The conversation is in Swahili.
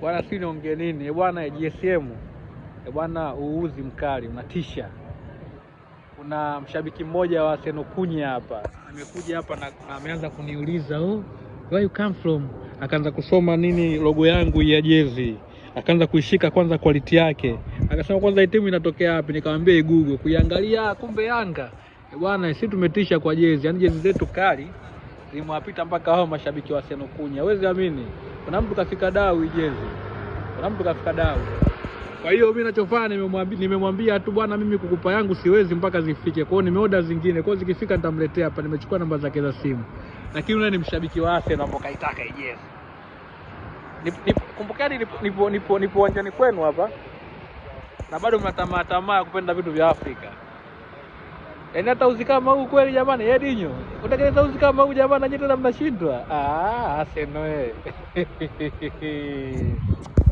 Bwana, si niongee nini e bwana? E GSM e bwana, uuzi mkali unatisha. Kuna mshabiki mmoja wa Senokunya hapa amekuja hapa na, ameanza kuniuliza oh, where you come from, akaanza kusoma nini logo yangu ya jezi, akaanza kuishika kwanza quality yake, akasema kwanza hii timu inatokea wapi? Nikamwambia Google kuiangalia, kumbe Yanga bwana, sisi tumetisha kwa jezi, yani jezi zetu kali zimewapita mpaka hao mashabiki wa Senokunya, huwezi amini kuna mtu kafika dau Ijezi, kuna mtu kafika dau. Kwa hiyo mimi ninachofanya nimemwambia, nimemwambia tu bwana, mimi kukupa yangu siwezi mpaka zifike. Kwa hiyo nimeoda zingine, kwa hiyo zikifika nitamletea hapa. Nimechukua namba zake za simu, lakini yule ni mshabiki wa Arsenal ambaye kaitaka Ijezi. Kumbukeni yaani nipo nipo nipo, nipo, nipo uwanjani kwenu hapa na bado mnatamaa tamaa kupenda vitu vya Afrika. Yaani hata uzi kama huu kweli jamani, Edinho. Eh, Unatengeneza uzi kama huu jamani na nyinyi tena mnashindwa. Ah, Arsenal. Ah, eh.